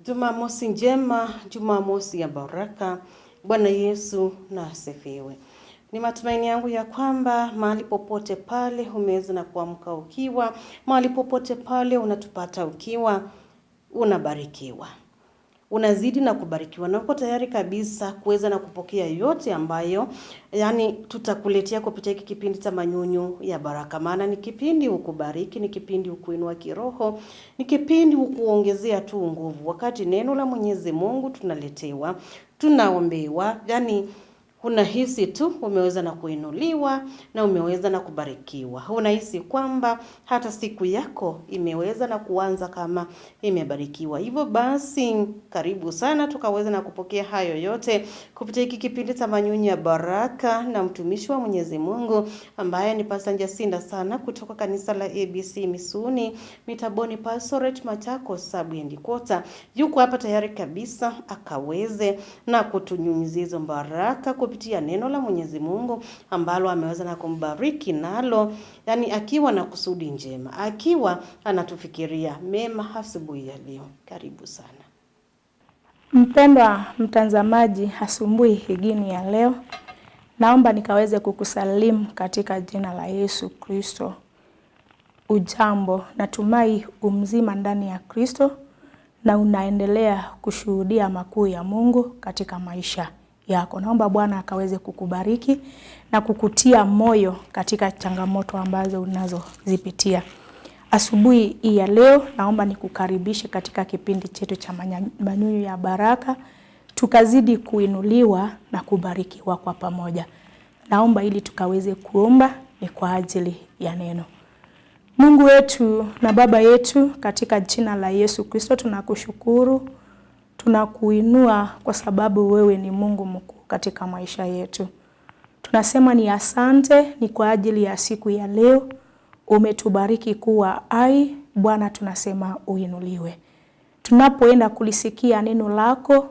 Jumamosi njema, Jumamosi ya baraka. Bwana Yesu na asifiwe. Ni matumaini yangu ya kwamba mahali popote pale umeweza na kuamka ukiwa, mahali popote pale unatupata ukiwa, unabarikiwa unazidi na kubarikiwa, na uko tayari kabisa kuweza na kupokea yote ambayo yani tutakuletea kupitia hiki kipindi cha Manyunyu ya Baraka, maana ni kipindi hukubariki, ni kipindi hukuinua kiroho, ni kipindi hukuongezea tu nguvu. Wakati neno la Mwenyezi Mungu tunaletewa, tunaombewa yani unahisi tu umeweza na kuinuliwa na umeweza na kubarikiwa. Unahisi kwamba hata siku yako imeweza na kuanza kama imebarikiwa. Hivyo basi, karibu sana tukaweza na kupokea hayo yote kupitia hiki kipindi cha Manyunyu ya Baraka na mtumishi wa Mwenyezi Mungu ambaye ni Pastor Jacinta sana kutoka kanisa la ABC Misuni Mitaboni Pastorate Machakos Sub Headquarters. Yuko hapa tayari kabisa akaweze na kutunyunyizia hizo baraka kupitia neno la Mwenyezi Mungu ambalo ameweza na kumbariki nalo, yani akiwa na kusudi njema, akiwa anatufikiria mema asubuhi ya leo. Karibu sana mpendwa mtazamaji, asubuhi higini ya leo naomba nikaweze kukusalimu katika jina la Yesu Kristo. Ujambo, natumai umzima ndani ya Kristo na unaendelea kushuhudia makuu ya Mungu katika maisha yako. Naomba Bwana akaweze kukubariki na kukutia moyo katika changamoto ambazo unazozipitia. Asubuhi hii ya leo, naomba nikukaribishe katika kipindi chetu cha Manyunyu ya Baraka, tukazidi kuinuliwa na kubarikiwa kwa pamoja. Naomba ili tukaweze kuomba ni kwa ajili ya neno. Mungu wetu na Baba yetu, katika jina la Yesu Kristo tunakushukuru tunakuinua kwa sababu wewe ni Mungu mkuu katika maisha yetu. Tunasema ni asante, ni kwa ajili ya siku ya leo umetubariki kuwa ai. Bwana tunasema uinuliwe. Tunapoenda kulisikia neno lako,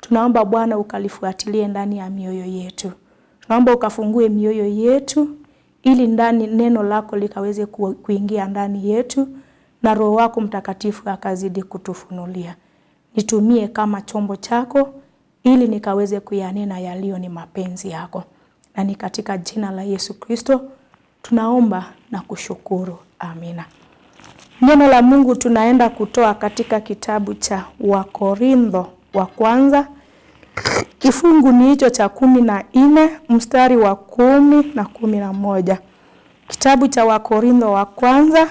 tunaomba Bwana ukalifuatilie ndani ya mioyo yetu, tunaomba ukafungue mioyo yetu ili ndani neno lako likaweze kuingia ndani yetu na Roho wako Mtakatifu akazidi kutufunulia nitumie kama chombo chako ili nikaweze kuyanena yaliyo ni mapenzi yako. Na ni katika jina la Yesu Kristo tunaomba na kushukuru, amina. Neno la Mungu tunaenda kutoa katika kitabu cha Wakorintho wa kwanza kifungu ni hicho cha kumi na nne mstari wa kumi na kumi na moja. Kitabu cha Wakorintho wa kwanza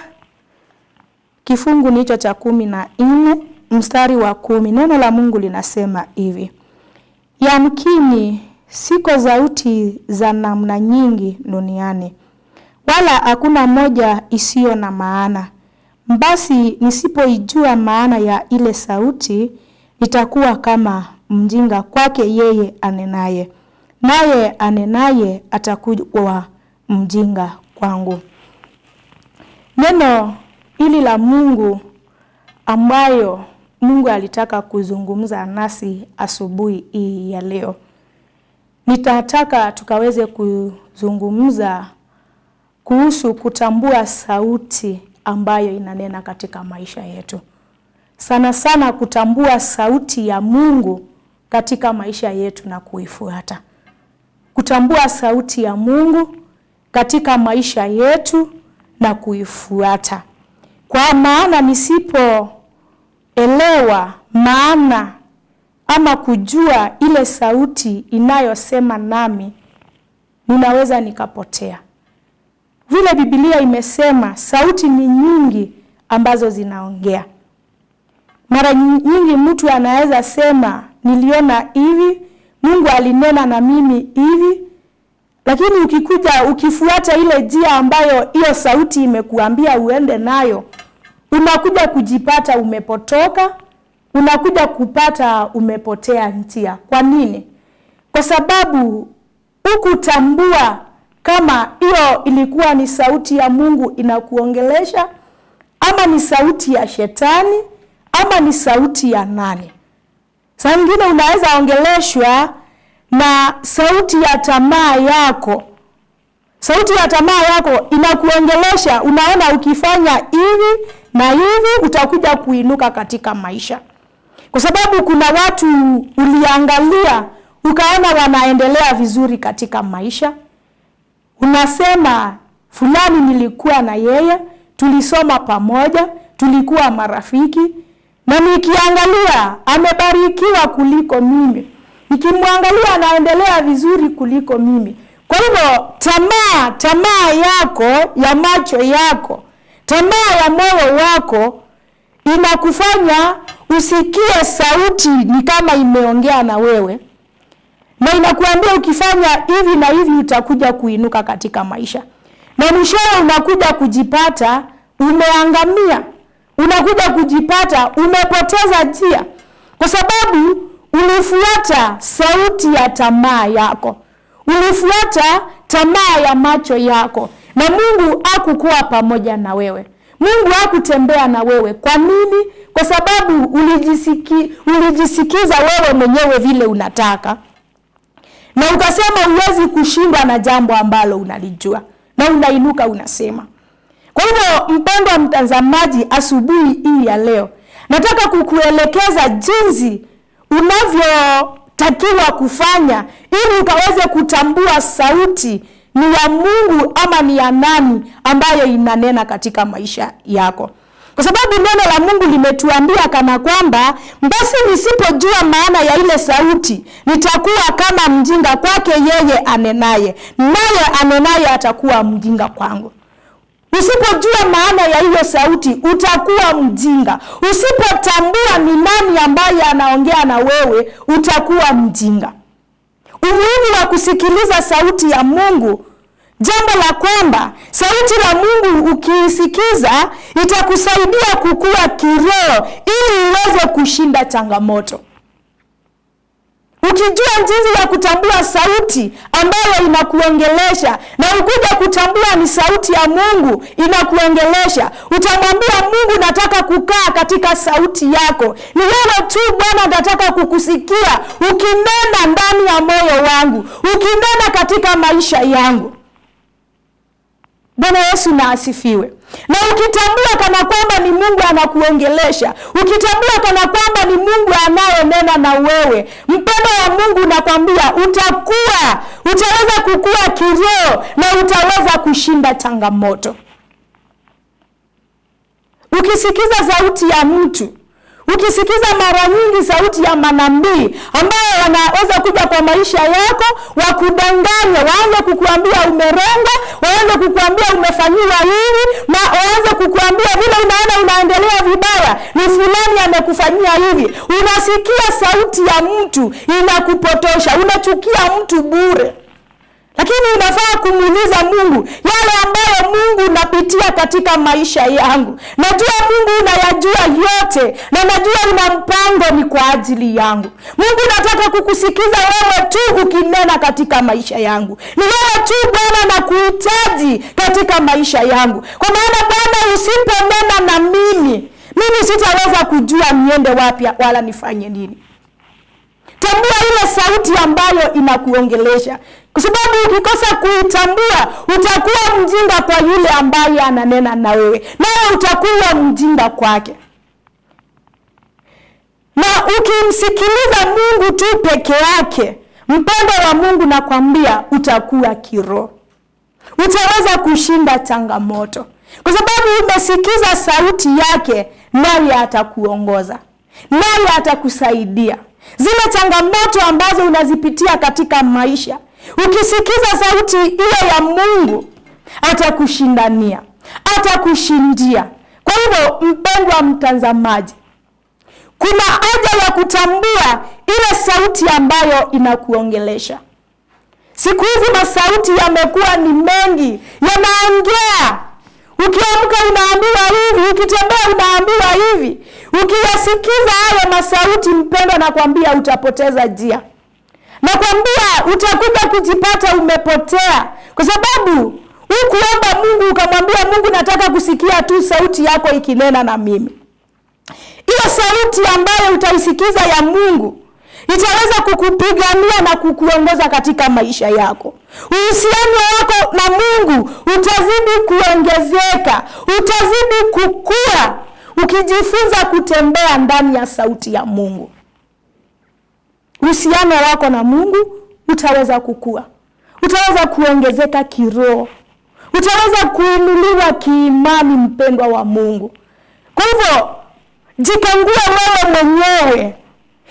kifungu ni hicho cha kumi na nne mstari wa kumi neno la Mungu linasema hivi: yamkini siko sauti za namna nyingi duniani, wala hakuna moja isiyo na maana. Basi nisipoijua maana ya ile sauti, nitakuwa kama mjinga kwake yeye anenaye, naye anenaye atakuwa mjinga kwangu. Neno hili la Mungu ambayo Mungu alitaka kuzungumza nasi asubuhi hii ya leo. Nitataka tukaweze kuzungumza kuhusu kutambua sauti ambayo inanena katika maisha yetu. Sana sana kutambua sauti ya Mungu katika maisha yetu na kuifuata. Kutambua sauti ya Mungu katika maisha yetu na kuifuata. Kwa maana nisipo elewa maana ama kujua ile sauti inayosema nami, ninaweza nikapotea. Vile Biblia imesema sauti ni nyingi ambazo zinaongea. Mara nyingi mtu anaweza sema niliona hivi, Mungu alinena na mimi hivi, lakini ukikuja ukifuata ile njia ambayo hiyo sauti imekuambia uende nayo unakuja kujipata umepotoka, unakuja kupata umepotea njia. Kwa nini? Kwa sababu hukutambua kama hiyo ilikuwa ni sauti ya Mungu inakuongelesha ama ni sauti ya shetani ama ni sauti ya nani. Saa nyingine unaweza ongeleshwa na sauti ya tamaa yako. Sauti ya tamaa yako inakuongelesha, unaona ukifanya hivi na hivi utakuja kuinuka katika maisha, kwa sababu kuna watu uliangalia ukaona wanaendelea vizuri katika maisha, unasema fulani, nilikuwa na yeye, tulisoma pamoja, tulikuwa marafiki, na nikiangalia amebarikiwa kuliko mimi, nikimwangalia anaendelea vizuri kuliko mimi. Kwa hivyo tamaa, tamaa yako ya macho yako Tamaa ya moyo wako inakufanya usikie sauti ni kama imeongea na wewe, na inakuambia ukifanya hivi na hivi utakuja kuinuka katika maisha, na mwishowe unakuja kujipata umeangamia, unakuja kujipata umepoteza njia, kwa sababu ulifuata sauti ya tamaa yako, ulifuata tamaa ya macho yako, na Mungu hakukuwa pamoja na wewe. Mungu hakutembea na wewe. Kwa nini? Kwa sababu ulijisiki, ulijisikiza wewe mwenyewe vile unataka, na ukasema huwezi kushindwa na jambo ambalo unalijua, na unainuka unasema. Kwa hivyo, mpendwa wa mtazamaji, asubuhi hii ya leo nataka kukuelekeza jinsi unavyotakiwa kufanya ili ukaweze kutambua sauti ni ya Mungu ama ni ya nani ambayo inanena katika maisha yako? Kwa sababu neno la Mungu limetuambia kana kwamba basi, nisipojua maana ya ile sauti nitakuwa kama mjinga kwake yeye anenaye, naye anenaye atakuwa mjinga kwangu. Usipojua maana ya hiyo sauti utakuwa mjinga. Usipotambua ni nani ambaye anaongea na wewe, utakuwa mjinga. Umuhimu wa kusikiliza sauti ya Mungu Jambo la kwamba sauti la Mungu ukiisikiza itakusaidia kukua kiroho ili uweze kushinda changamoto. Ukijua jinsi ya kutambua sauti ambayo inakuongelesha na ukuja kutambua ni sauti ya Mungu inakuongelesha, utamwambia Mungu, nataka kukaa katika sauti yako. Ni wewe tu Bwana, nataka kukusikia ukinena ndani ya moyo wangu, ukinena katika maisha yangu. Bwana Yesu na asifiwe. Na ukitambua kana kwamba ni Mungu anakuongelesha, ukitambua kana kwamba ni Mungu anayenena na wewe, mpendo wa Mungu nakwambia, utakuwa utaweza kukua kiroho na utaweza kushinda changamoto. Ukisikiza sauti ya mtu Ukisikiza mara nyingi sauti ya manabii ambayo wanaweza kuja kwa maisha yako, wakudanganya, waanze kukuambia umerengwa, waanze kukuambia umefanyiwa hili, na waanze kukuambia vile unaona unaendelea vibaya, ni fulani amekufanyia hivi. Unasikia sauti ya mtu inakupotosha, unachukia mtu bure lakini unafaa kumuuliza Mungu yale ambayo Mungu napitia katika maisha yangu. Najua Mungu unayajua yote, na najua una mpango ni kwa ajili yangu. Mungu, nataka kukusikiza wewe tu ukinena katika maisha yangu. Ni wewe tu Bwana na kuhitaji katika maisha yangu, kwa maana Bwana, usiponena na mimi, mimi sitaweza kujua niende wapi wala nifanye nini. Tambua ile sauti ambayo inakuongelesha kwa sababu ukikosa kuitambua utakuwa mjinga kwa yule ambaye ananena na wewe, nawe utakuwa mjinga kwake. Na ukimsikiliza Mungu tu peke yake, mpendo wa Mungu, nakwambia utakuwa kiroho, utaweza kushinda changamoto kwa sababu umesikiza sauti yake, naye atakuongoza, naye atakusaidia. Zile changamoto ambazo unazipitia katika maisha Ukisikiza sauti ile ya Mungu atakushindania, atakushindia. Kwa hivyo, mpendwa mtazamaji, kuna haja ya kutambua ile sauti ambayo inakuongelesha. Siku hizi masauti yamekuwa ni mengi, yanaongea. Ukiamka unaambiwa hivi, ukitembea unaambiwa hivi. Ukiyasikiza hayo masauti, mpendwa, nakwambia utapoteza njia. Nakwambia utakuja kujipata umepotea, kwa sababu hukuomba Mungu ukamwambia Mungu, nataka kusikia tu sauti yako ikinena na mimi. Hiyo sauti ambayo utaisikiza ya Mungu itaweza kukupigania na kukuongoza katika maisha yako. Uhusiano wako na Mungu utazidi kuongezeka, utazidi kukua ukijifunza kutembea ndani ya sauti ya Mungu uhusiano wako na Mungu utaweza kukua, utaweza kuongezeka kiroho, utaweza kuinuliwa kiimani, mpendwa wa Mungu. Kwa hivyo jikangua wewe mwenyewe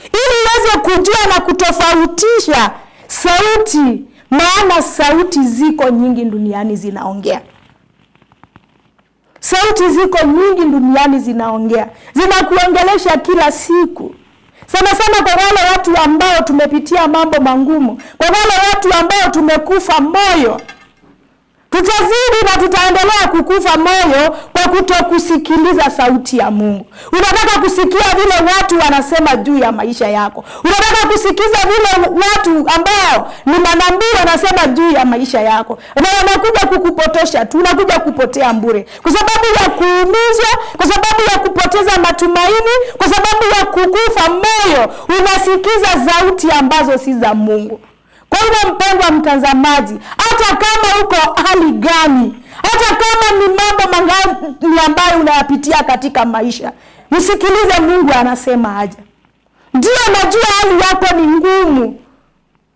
ili uweze kujua na kutofautisha sauti, maana sauti ziko nyingi duniani zinaongea. Sauti ziko nyingi duniani zinaongea, zinakuongelesha kila siku sana sana kwa wale watu ambao tumepitia mambo mangumu, kwa wale watu ambao tumekufa moyo tutazidi na tutaendelea kukufa moyo kwa kutokusikiliza sauti ya Mungu. Unataka kusikia vile watu wanasema juu ya maisha yako, unataka kusikiza vile watu ambao ni manabii wanasema juu ya maisha yako, na wanakuja kukupotosha tu, unakuja kupotea mbure, kwa sababu ya kuumizwa, kwa sababu ya kupoteza matumaini, kwa sababu ya kukufa moyo, unasikiza sauti ambazo si za Mungu. Ewe hivyo, mpendwa mtazamaji, hata kama uko hali gani, hata kama ni mambo mangani ambayo unayapitia katika maisha, msikilize Mungu anasema aje. Ndio, najua hali yako ni ngumu,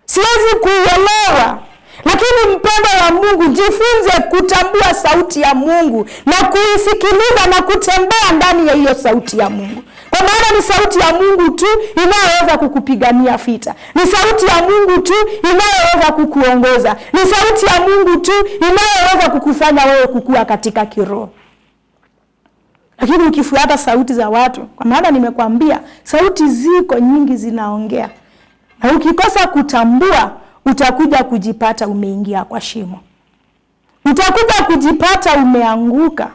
siwezi kuuelewa lakini mpendwa wa Mungu, jifunze kutambua sauti ya Mungu na kuisikiliza na kutembea ndani ya hiyo sauti ya Mungu, kwa maana ni sauti ya Mungu tu inayoweza kukupigania vita, ni sauti ya Mungu tu inayoweza kukuongoza, ni sauti ya Mungu tu inayoweza kukufanya wewe kukua katika kiroho. Lakini ukifuata sauti za watu, kwa maana nimekwambia sauti ziko nyingi zinaongea, na ukikosa kutambua utakuja kujipata umeingia kwa shimo, utakuja kujipata umeanguka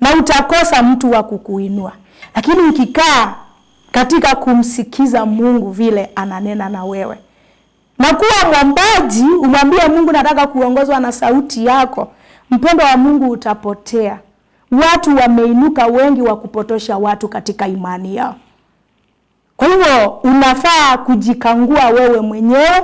na utakosa mtu wa kukuinua. Lakini ukikaa katika kumsikiza Mungu vile ananena na wewe na kuwa mwombaji, umwambie Mungu, nataka kuongozwa na sauti yako, mpendo wa Mungu, utapotea. Watu wameinuka wengi wa kupotosha watu katika imani yao. Kwa hivyo unafaa kujikangua wewe mwenyewe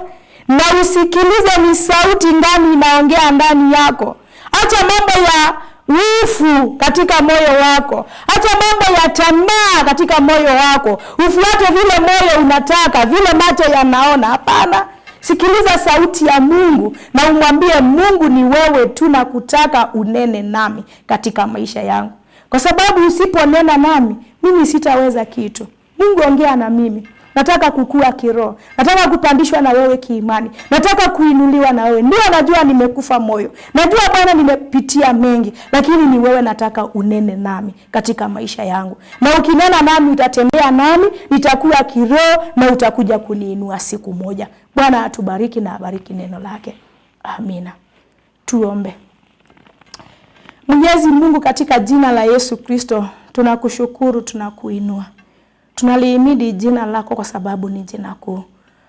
na usikilize ni sauti ndani inaongea ndani yako. Acha mambo ya wivu katika moyo wako, acha mambo ya tamaa katika moyo wako, ufuate vile moyo unataka, vile macho yanaona. Hapana, sikiliza sauti ya Mungu na umwambie Mungu, ni wewe tu na kutaka unene nami katika maisha yangu, kwa sababu usiponena nami mimi sitaweza kitu. Mungu, ongea na mimi nataka kukua kiroho, nataka kupandishwa na wewe kiimani, nataka kuinuliwa na wewe. Ndio najua nimekufa moyo, najua Bwana nimepitia mengi, lakini ni wewe nataka unene nami katika maisha yangu, na ukinena nami utatembea nami, nitakuwa kiroho na utakuja kuniinua siku moja. Bwana atubariki na abariki neno lake, amina. Tuombe. Mwenyezi Mungu, katika jina la Yesu Kristo tunakushukuru, tunakuinua Tunalihimidi jina lako kwa sababu ni jina kuu.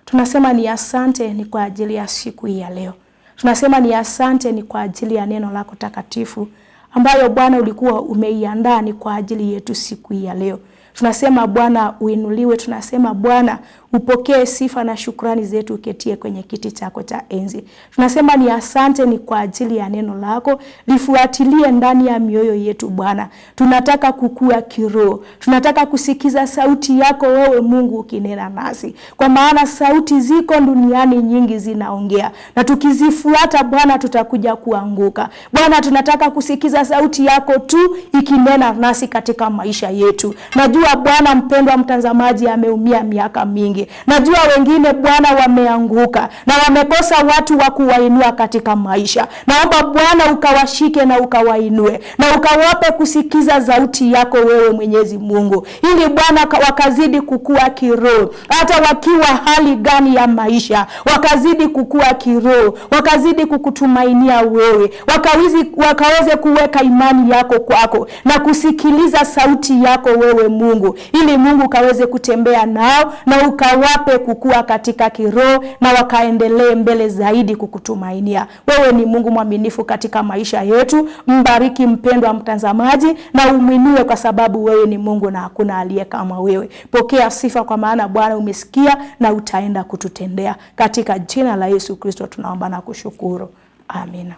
Tunasema ni asante ni kwa ajili ya siku hii ya leo. Tunasema ni asante ni kwa ajili ya neno lako takatifu ambayo Bwana ulikuwa umeiandaa ni kwa ajili yetu siku hii ya leo. Tunasema Bwana uinuliwe, tunasema Bwana upokee sifa na shukrani zetu, uketie kwenye kiti chako cha enzi. Tunasema ni asante ni kwa ajili ya neno lako, lifuatilie ndani ya mioyo yetu Bwana. Tunataka kukua kiroho, tunataka kusikiza sauti yako wewe Mungu ukinena nasi, kwa maana sauti ziko duniani nyingi zinaongea, na tukizifuata Bwana tutakuja kuanguka. Bwana, tunataka kusikiza sauti yako tu ikinena nasi katika maisha yetu. Najua Bwana mpendwa mtazamaji ameumia miaka mingi mingi. Najua wengine Bwana wameanguka na wamekosa watu wa kuwainua katika maisha. Naomba Bwana ukawashike na ukawainue na ukawape kusikiza sauti yako wewe Mwenyezi Mungu, ili Bwana wakazidi kukua kiroho, hata wakiwa hali gani ya maisha, wakazidi kukua kiroho, wakazidi kukutumainia wewe, wakawizi wakaweze kuweka imani yako kwako na kusikiliza sauti yako wewe Mungu, ili Mungu ukaweze kutembea nao na uka akawape kukua katika kiroho na wakaendelee mbele zaidi kukutumainia wewe. Ni Mungu mwaminifu katika maisha yetu. Mbariki mpendwa mtazamaji na umwinue, kwa sababu wewe ni Mungu na hakuna aliye kama wewe. Pokea sifa, kwa maana Bwana umesikia na utaenda kututendea. Katika jina la Yesu Kristo tunaomba na kushukuru, amina.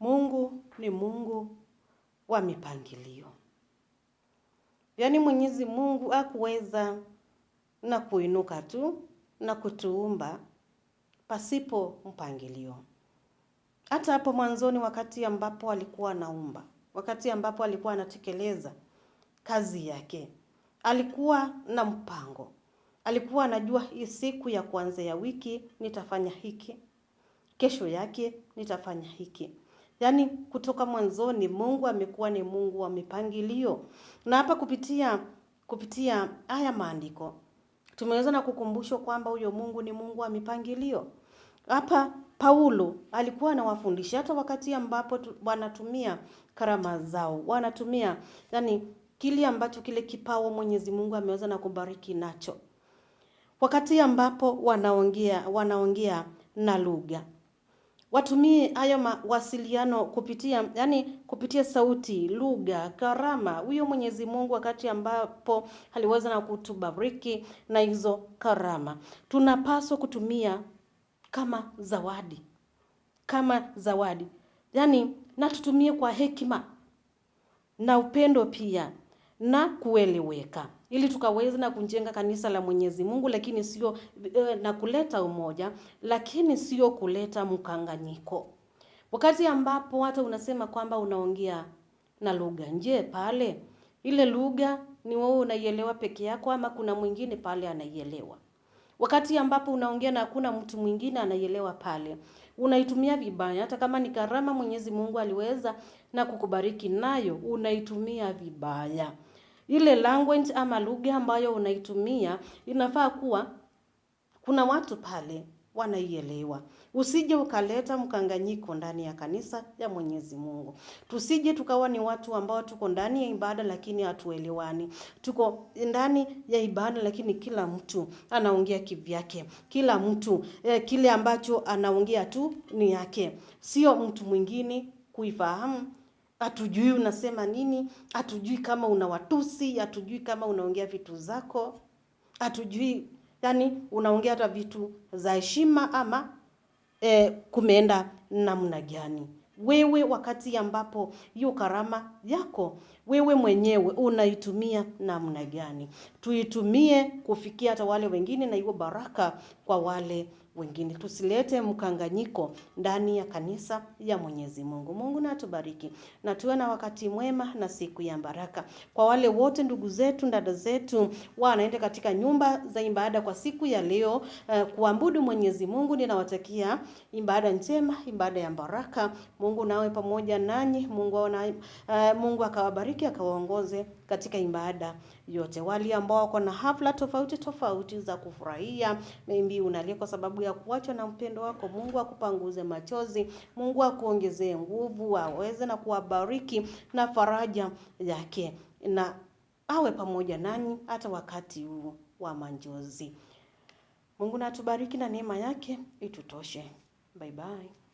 Mungu ni Mungu wa mipangilio, yaani Mwenyezi Mungu akuweza na kuinuka tu na kutuumba pasipo mpangilio. Hata hapo mwanzoni, wakati ambapo alikuwa anaumba, wakati ambapo alikuwa anatekeleza kazi yake, alikuwa na mpango, alikuwa anajua hii siku ya kwanza ya wiki nitafanya hiki, kesho yake nitafanya hiki. Yaani kutoka mwanzoni, Mungu amekuwa ni Mungu wa mipangilio, na hapa kupitia kupitia haya maandiko Tumeweza na kukumbushwa kwamba huyo Mungu ni Mungu wa mipangilio. Hapa Paulo alikuwa anawafundisha hata wakati ambapo wanatumia karama zao, wanatumia yani kile ambacho kile kipawa Mwenyezi Mungu ameweza na kubariki nacho, wakati ambapo wanaongea wanaongea na lugha watumie hayo mawasiliano kupitia yani, kupitia sauti, lugha, karama huyo Mwenyezi Mungu wakati ambapo aliweza na kutubariki na hizo karama, tunapaswa kutumia kama zawadi, kama zawadi yani, na tutumie kwa hekima na upendo pia na kueleweka ili tukaweza na kujenga kanisa la Mwenyezi Mungu, lakini sio eh, na kuleta umoja, lakini sio kuleta mkanganyiko. Wakati ambapo hata unasema kwamba unaongea na lugha, nje pale ile lugha ni wewe unaielewa peke yako ama kuna mwingine pale anaielewa? Wakati ambapo unaongea na hakuna mtu mwingine anaielewa pale, unaitumia vibaya. Hata kama ni karama Mwenyezi Mungu aliweza na kukubariki nayo, unaitumia vibaya ile language ama lugha ambayo unaitumia inafaa kuwa kuna watu pale wanaielewa. Usije ukaleta mkanganyiko ndani ya kanisa ya Mwenyezi Mungu. Tusije tukawa ni watu ambao tuko ndani ya ibada lakini hatuelewani. Tuko ndani ya ibada lakini kila mtu anaongea kivyake. Kila mtu eh, kile ambacho anaongea tu ni yake. Sio mtu mwingine kuifahamu hatujui unasema nini, hatujui kama una watusi hatujui kama unaongea vitu zako, hatujui yani unaongea hata vitu za heshima ama e, kumeenda namna gani? Wewe wakati ambapo hiyo karama yako wewe mwenyewe unaitumia namna gani? Tuitumie kufikia hata wale wengine, na hiyo baraka kwa wale wengine. Tusilete mkanganyiko ndani ya kanisa ya Mwenyezi Mungu. Mungu na atubariki na tuwe na wakati mwema na siku ya baraka. Kwa wale wote ndugu zetu, dada zetu wanaenda katika nyumba za ibada kwa siku ya leo uh, kuabudu Mwenyezi Mungu, ninawatakia ibada njema, ibada ya baraka. Mungu nawe pamoja nanyi. Mungu uh, Mungu akawabariki akawaongoze katika ibada yote. Wale ambao wako na hafla tofauti tofauti za kufurahia, maybe unalia kwa sababu ya kuachwa na mpendo wako, Mungu akupanguze machozi, Mungu akuongezee nguvu, aweze na kuwabariki na faraja yake, na awe pamoja nanyi hata wakati huu wa manjozi. Mungu natubariki na neema yake itutoshe. Bye bye.